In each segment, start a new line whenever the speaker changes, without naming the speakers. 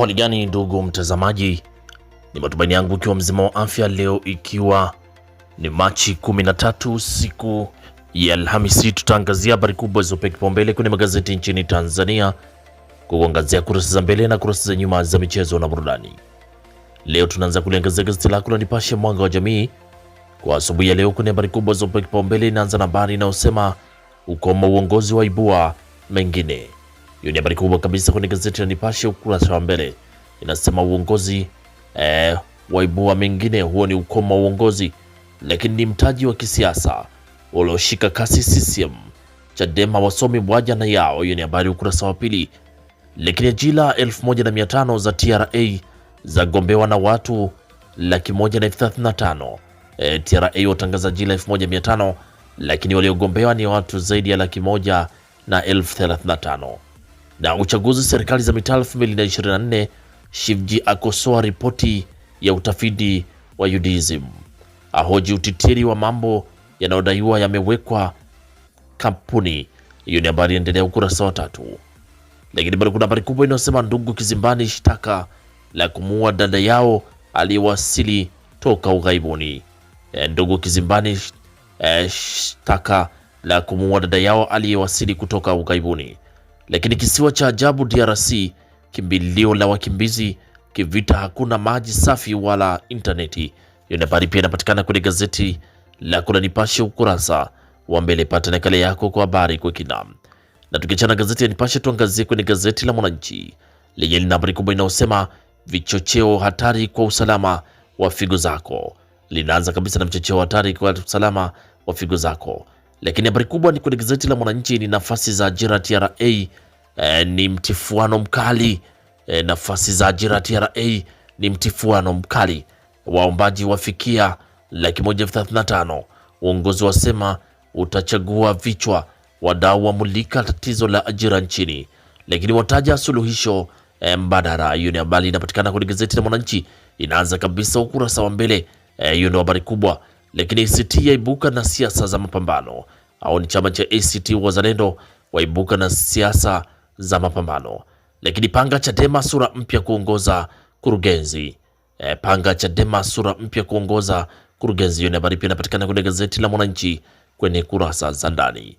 Hali gani ndugu mtazamaji, ni matumaini yangu ukiwa mzima wa afya leo, ikiwa ni Machi 13 siku ya Alhamisi, tutaangazia habari kubwa zilizopewa kipaumbele kwenye magazeti nchini Tanzania kwa kuangazia kurasa za mbele na kurasa za nyuma za michezo na burudani. Leo tunaanza kuliangazia gazeti lako la Nipashe Mwanga wa Jamii kwa asubuhi ya leo kwenye habari kubwa zilizopewa kipaumbele. Inaanza na habari inayosema ukomo uongozi wa ibua mengine hiyo ni habari kubwa kabisa kwenye gazeti la Nipashe ukurasa wa mbele, inasema uongozi eh, waibua mengine. Huo ni ukoma uongozi, lakini ni mtaji wa kisiasa ulioshika kasi CCM. Chadema wasomi mwaja na yao. Hiyo ni habari ukurasa wa pili. Lakini ajira 1500 za TRA zagombewa na watu laki moja na elfu thelathini na tano. E, eh, TRA watangaza ajira 1500 lakini waliogombewa ni watu zaidi ya laki moja na elfu thelathini na tano. Na uchaguzi serikali za mitaa 2024, Shivji akosoa ripoti ya utafiti wa UDSM, ahoji utitiri wa mambo yanayodaiwa yamewekwa kampuni hiyo. Ni habari endelea ukurasa wa tatu. Lakini bado kuna habari kubwa inayosema ndugu kizimbani, shtaka la kumuua dada yao aliyewasili toka ughaibuni. E, ndugu kizimbani, shtaka la kumuua dada yao aliyewasili kutoka ughaibuni. Lakini kisiwa cha ajabu DRC, kimbilio la wakimbizi kivita, hakuna maji safi wala intaneti. Hiyo ni habari pia inapatikana kwenye gazeti lako la Nipashe ukurasa wa mbele. Pata nakala yako kwa habari kwa kina. Na tukichana gazeti ya Nipashe, tuangazie kwenye gazeti la Mwananchi lenye lina habari kubwa inayosema vichocheo hatari kwa usalama wa figo zako. Linaanza kabisa na vichocheo hatari kwa usalama wa figo zako, lakini habari kubwa ni kwenye gazeti la Mwananchi ni nafasi za ajira TRA e, ni mtifuano mkali e, nafasi za ajira TRA ni mtifuano mkali, waombaji wafikia laki moja thelathini na tano. Uongozi wasema utachagua vichwa, wadau wamulika tatizo la ajira nchini, lakini wataja suluhisho e, mbadala. Hiyo ni habari inapatikana kwenye gazeti la Mwananchi, inaanza kabisa ukurasa wa mbele. E, hiyo e, ndio habari kubwa. Lakini ACT yaibuka na siasa za mapambano au ni chama cha ACT Wazalendo waibuka na siasa za mapambano. Lakini panga Chadema sura mpya kuongoza kurugenzi e, panga Chadema sura mpya kuongoza kurugenzi. Hiyo ni habari pia inapatikana kwenye gazeti la Mwananchi kwenye kurasa za ndani.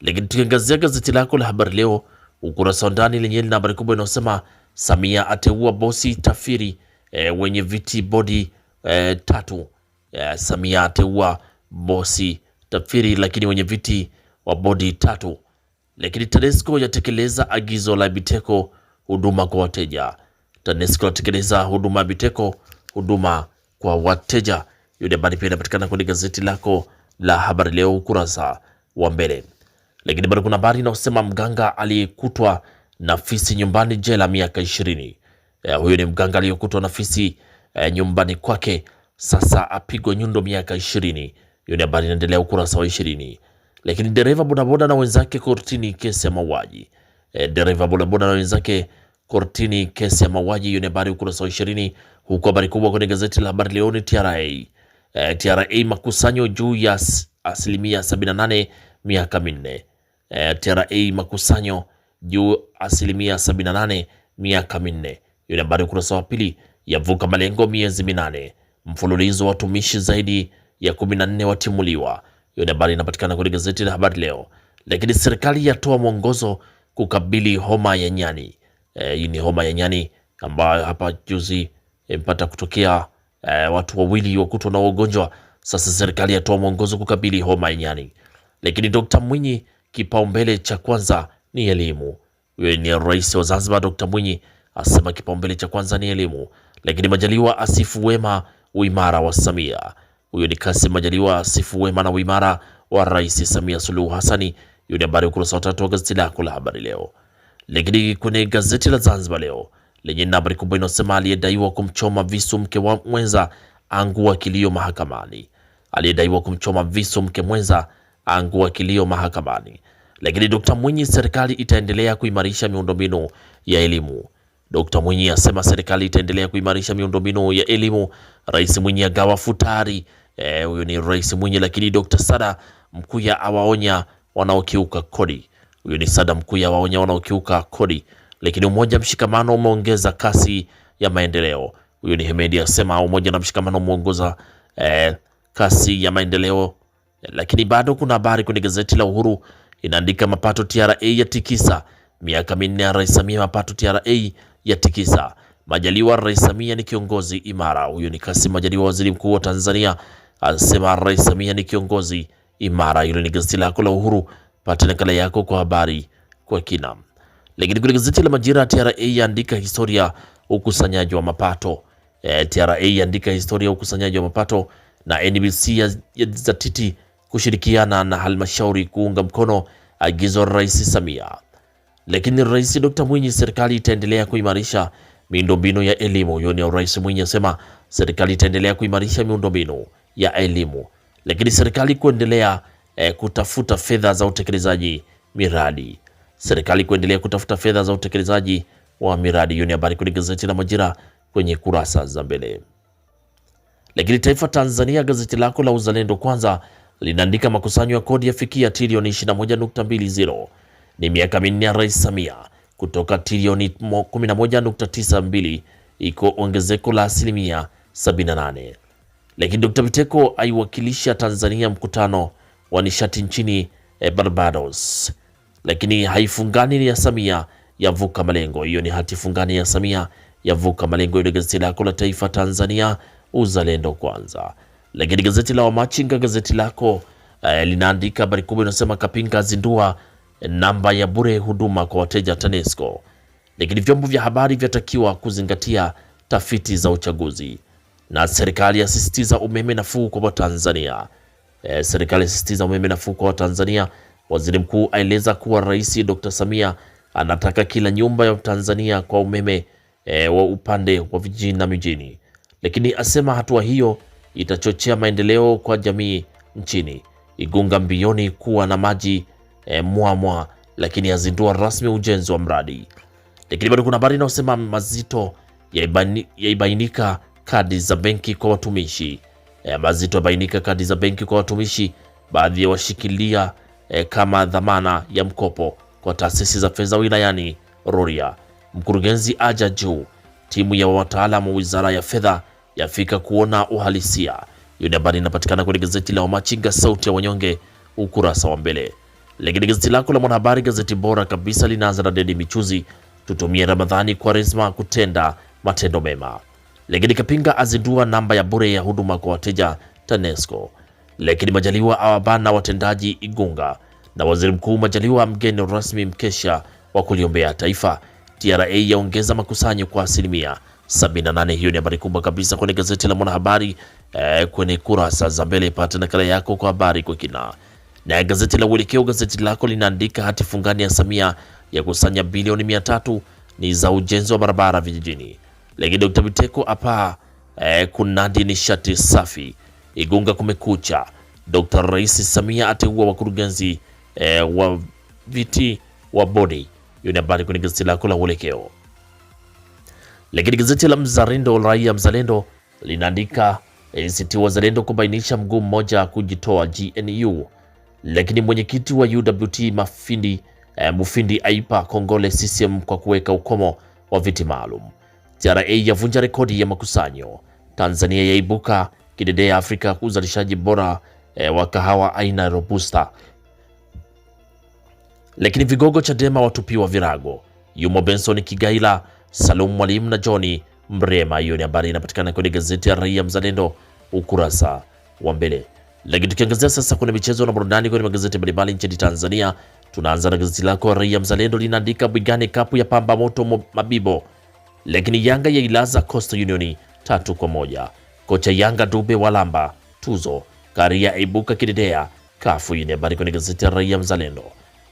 Lakini tukiangazia gazeti lako la Habari Leo ukurasa wa ndani lenye lina habari kubwa inayosema Samia ateua bosi tafiri e, wenye viti bodi e, tatu. E, Samia ateua bosi tafiri lakini wenye viti wa bodi tatu lakini TANESCO yatekeleza agizo la Biteko huduma kwa wateja. TANESCO yatekeleza huduma ya Biteko huduma kwa wateja. Yule ni habari pia inapatikana kwenye gazeti lako la Habari Leo ukurasa wa mbele. Lakini bado kuna habari inayosema mganga aliyekutwa na fisi nyumbani jela miaka ishirini. Eh, huyo ni mganga aliyekutwa na fisi eh, nyumbani kwake, sasa apigwa nyundo miaka ishirini. Yule habari inaendelea ukurasa wa ishirini. Lakini dereva bodaboda na wenzake kortini kesi ya mauaji. E, dereva bodaboda na wenzake kortini kesi ya mauaji. Hiyo ni habari ukurasa wa ishirini, huku habari kubwa kwenye gazeti la habari leo ni TRA. E, TRA makusanyo juu ya asilimia 78 miaka minne. E, TRA makusanyo juu asilimia 78 miaka minne. Hiyo ni habari ukurasa wa pili. Yavuka malengo miezi minane mfululizo watumishi zaidi ya 14 watimuliwa. Hiyo ni habari inapatikana kwenye gazeti la Habari Leo. Lakini serikali yatoa mwongozo kukabili homa ya nyani. Eh, hii e, ni homa ya nyani ambayo hapa juzi imepata kutokea e, watu wawili wakutwa na ugonjwa. Sasa serikali yatoa mwongozo kukabili homa ya nyani. Lakini Dr. Mwinyi, kipaumbele cha kwanza ni elimu. Huyo ni rais wa Zanzibar Dr. Mwinyi asema kipaumbele cha kwanza ni elimu. Lakini Majaliwa asifu wema uimara wa Samia. Huyo ni Kassim Majaliwa sifu wema na uimara wa Rais Samia Suluhu Hassani. Hiyo ni habari ukurasa wa tatu wa gazeti lako la habari leo. Lakini kwenye gazeti la Zanzibar leo lenye habari kubwa inayosema aliyedaiwa kumchoma visu mke wa mwenza angua kilio mahakamani. Aliyedaiwa kumchoma visu mke mwenza angua kilio mahakamani. Lakini Dkt Mwinyi, serikali itaendelea kuimarisha miundombinu ya elimu. Dkt Mwinyi asema serikali itaendelea kuimarisha miundombinu ya elimu. Rais Mwinyi agawa futari Eh, huyo e, ni Rais Mwinyi. Lakini Dr. Sada Mkuya awaonya wanaokiuka kodi. Huyo ni Sada Mkuya awaonya wanaokiuka kodi. Lakini umoja mshikamano umeongeza kasi ya maendeleo. Huyo ni Hemedi asema umoja na mshikamano umeongoza e, kasi ya maendeleo. Lakini bado kuna habari kwenye gazeti la Uhuru inaandika mapato TRA ya tikisa miaka minne ya Rais Samia, mapato TRA ya tikisa. Majaliwa, Rais Samia ni kiongozi imara. Huyo ni Kassim Majaliwa, waziri mkuu wa Tanzania asema Rais Samia ni kiongozi imara. Hilo ni gazeti lako la Uhuru, pata nakala yako kwa habari kwa kina. Lakini kule gazeti la Majira, TRA yaandika historia ukusanyaji wa mapato. E, TRA yaandika historia ukusanyaji wa mapato na NBC yazatiti kushirikiana na halmashauri kuunga mkono agizo Rais Samia. Lakini Rais Dr. Mwinyi, serikali itaendelea kuimarisha miundombinu ya elimu. Hiyo ni Rais Mwinyi asema serikali itaendelea kuimarisha miundombinu ya elimu, lakini serikali kuendelea e, kutafuta fedha za utekelezaji miradi. Serikali kuendelea kutafuta fedha za utekelezaji wa miradi. Hiyo ni habari kwenye gazeti la Majira kwenye kurasa za mbele. Lakini Taifa Tanzania, gazeti lako la Uzalendo Kwanza, linaandika makusanyo ya kodi yafikia trilioni 21.20, ni miaka minne ya Rais Samia kutoka trilioni 11.92, iko ongezeko la asilimia 78. Lakini Dr. Biteko aiwakilisha Tanzania mkutano wa nishati nchini eh, Barbados, lakini haifungani ya Samia yavuka malengo. Hiyo ni hati fungani ya Samia yavuka malengo. Ile gazeti lako la Taifa Tanzania, uzalendo kwanza. Lakini gazeti la Wamachinga, gazeti lako e, linaandika habari kubwa inasema, Kapinga zindua eh, namba ya bure huduma kwa wateja TANESCO. Lakini vyombo vya habari vyatakiwa kuzingatia tafiti za uchaguzi. Na serikali yasisitiza umeme nafuu kwa Watanzania. E, serikali yasisitiza umeme nafuu kwa Watanzania. Waziri mkuu aeleza kuwa Rais Dr. Samia anataka kila nyumba ya Tanzania kwa umeme e, wa upande wa vijijini na mijini, lakini asema hatua hiyo itachochea maendeleo kwa jamii nchini. Igunga mbioni kuwa na maji e, mwamwa, lakini azindua rasmi ujenzi wa mradi. Lakini bado kuna habari inayosema mazito yaibainika kadi za benki kwa watumishi e, mazito yabainika. Kadi za benki kwa watumishi, baadhi ya washikilia e, kama dhamana ya mkopo kwa taasisi za fedha wilayani Rorya. Mkurugenzi aja juu, timu ya wataalamu wizara ya fedha yafika kuona uhalisia. Hiyo ni habari inapatikana kwenye gazeti la Wamachinga sauti ya wanyonge ukurasa wa mbele. Lakini gazeti lako la Mwanahabari, gazeti bora kabisa, linaanza na Dedi Michuzi, tutumie Ramadhani kwa resma kutenda matendo mema. Lakini Kapinga azindua namba ya bure ya huduma kwa wateja TANESCO. Lakini Majaliwa awabana watendaji Igunga, na waziri mkuu Majaliwa mgeni rasmi mkesha wa kuliombea taifa. TRA yaongeza makusanyo kwa asilimia 78. Hiyo ni habari kubwa kabisa kwenye gazeti la Mwanahabari eh, kwenye kurasa za mbele. Pata nakala yako kwa habari kwa kina. Na gazeti la Uelekeo, gazeti lako linaandika hati fungani ya Samia ya kusanya bilioni 300 ni za ujenzi wa barabara vijijini. Lakini Dr. Biteko hapa eh, kunadi nishati safi Igunga kumekucha. Dr. Rais Samia ateua wakurugenzi eh, wa viti wa bodi. Hiyo ni habari kwenye gazeti lako la Uelekeo. Lakini gazeti la Mzalendo, Raia Mzalendo linaandika eh, ACT Wazalendo kubainisha mguu mmoja kujitoa GNU. Lakini mwenyekiti wa UWT Mafindi eh, Mufindi aipa kongole CCM kwa kuweka ukomo wa viti maalum. TRA yavunja rekodi ya makusanyo. Tanzania yaibuka kidedea Afrika kwa uzalishaji bora e, wa kahawa aina Robusta. Lakini vigogo Chadema watupiwa virago. Yumo Benson Kigaila, Salum Mwalimu na John Mrema. Hiyo ni habari inapatikana kwenye gazeti ya Raia Mzalendo ukurasa wa mbele. Lakini tukiangazia sasa kwenye michezo na burudani kwenye magazeti mbalimbali nchini Tanzania, tunaanza na gazeti lako Raia Mzalendo linaandika Bwigane kapu ya pamba moto Mabibo lakini Yanga yailaza Coastal Union tatu kwa moja. Kocha Yanga Dube walamba tuzo, Karia ibuka kidedea. Kafu yenye habari kwenye gazeti la Raia Mzalendo.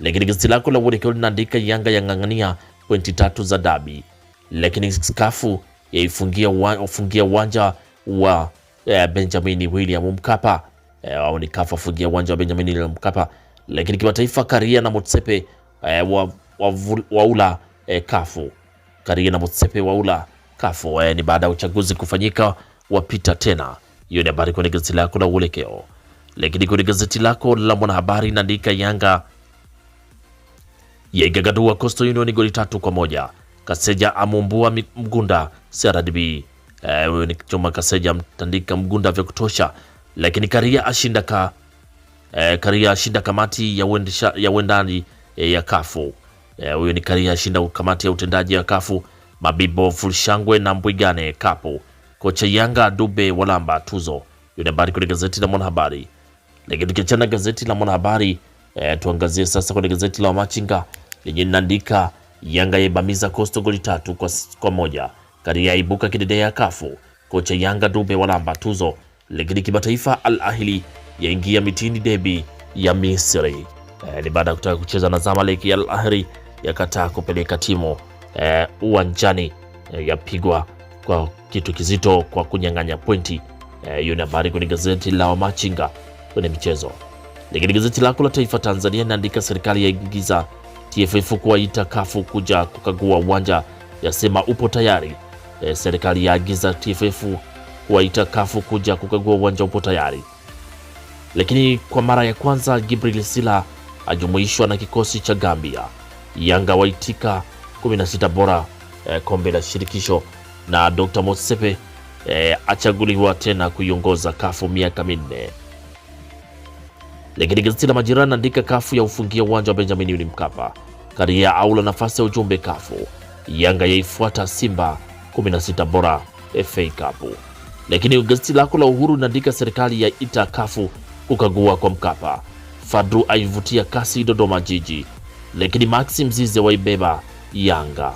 Lakini gazeti lako la Uelekeo linaandika Yanga yang'ang'ania pointi tatu za dabi, lakini Kafu yaifungia ufungia uwanja wa eh, Benjamin William Mkapa eh, au ni Kafu afungia uwanja wa Benjamin William Mkapa. Lakini kimataifa Karia na Motsepe eh, wa, wa, wa wa ula eh, Kafu Karia na Motsepe Waula kafu eh, ni baada ya uchaguzi kufanyika wapita tena. Hiyo ni habari kwenye gazeti lako la Uelekeo, lakini kwenye gazeti lako la Mwanahabari inaandika Yanga yaigagadua Coastal Union goli tatu kwa moja. Kaseja amumbua Mgunda CRDB. eh, ni choma Kaseja mtandika Mgunda vya kutosha, lakini Karia ashinda ka eh, Karia ashinda kamati ya uendani ya, eh, ya kafu E, Huyo ni Karia ashinda kamati ya utendaji wa Kafu, Mabibo Fulshangwe na Mbwigane Kapu, kocha Yanga Dube Walamba tuzo. Hiyo ni habari kwenye gazeti la Mwanahabari. Lakini tukiachana gazeti la Mwanahabari e, tuangazie sasa kwenye gazeti la Wamachinga lenye linaandika Yanga yaibamiza Coastal goli tatu kwa, kwa moja. Karia ibuka kidedea ya Kafu, kocha Yanga Dube Walamba tuzo. Lakini kimataifa Al Ahli yaingia mitini debi ya Misri. E, ni baada ya kutaka kucheza na Zamalek Al Ahli yakataa kupeleka timu eh, uwanjani eh, yapigwa kwa kitu kizito kwa kunyang'anya pointi eh, hiyo ni habari kwenye gazeti la Wamachinga kwenye michezo. Lakini gazeti lako la Taifa Tanzania inaandika serikali yaingiza TFF kuwaita kafu kuja kukagua uwanja, yasema upo tayari. E, serikali yaagiza TFF kuwaita kafu kuja kukagua uwanja upo tayari. Lakini kwa mara ya kwanza Gibril Sila ajumuishwa na kikosi cha Gambia. Yanga waitika 16 bora eh, kombe la shirikisho na Dr. Motsepe eh, achaguliwa tena kuiongoza kafu miaka minne. Lakini gazeti la Majirani naandika kafu ya ufungia uwanja wa Benjamin Mkapa, Karia aula nafasi ya ujumbe kafu, Yanga yaifuata Simba 16 bora FA Cup. Lakini gazeti lako la Uhuru naandika serikali ya ita kafu kukagua kwa Mkapa, Fadru aivutia kasi Dodoma Jiji lakini Maxi Mzize waibeba Yanga.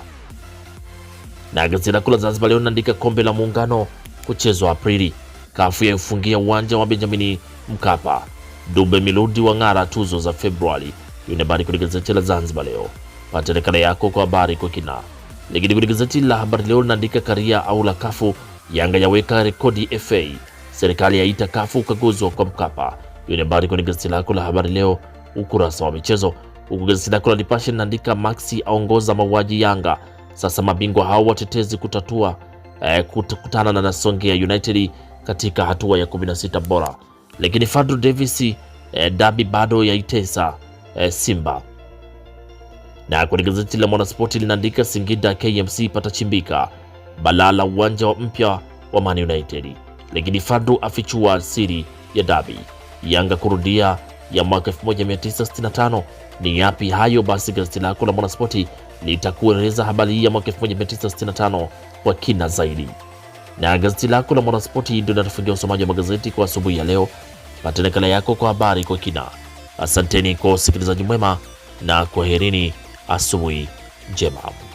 Na gazeti la kula Zanzibar leo linaandika kombe la muungano kuchezwa Aprili, kafu yaifungia uwanja wa Benjamin Mkapa, Dube Miludi wa ng'ara tuzo za Februari. Hiyo ni habari kwenye gazeti la Zanzibar leo, pata nakala yako kwa habari kwa kina. Lakini kwenye gazeti la habari leo linaandika karia au la kafu, Yanga yaweka rekodi FA, serikali yaita kafu ukaguzi kwa Mkapa. Hiyo ni habari kwenye gazeti lako la habari leo ukurasa wa michezo huku gazeti lako la Nipashe linaandika Maxi aongoza mauaji Yanga, sasa mabingwa hao watetezi kutatua eh, kukutana na Songea United katika hatua ya 16 bora. Lakini Fadlu Davis eh, dabi bado yaitesa eh, Simba na kwenye gazeti la Mwanaspoti linaandika Singida KMC patachimbika balala uwanja wa mpya wa Man United, lakini Fadlu afichua siri ya dabi Yanga kurudia ya mwaka 1965. Ni yapi hayo? Basi gazeti lako la Mwanaspoti litakueleza habari hii ya mwaka 1965 kwa kina zaidi, na gazeti lako la Mwanaspoti ndio linatufungia usomaji wa magazeti kwa asubuhi ya leo. Pata nakala yako kwa habari kwa kina. Asanteni kwa usikilizaji mwema na kwaherini, asubuhi njema.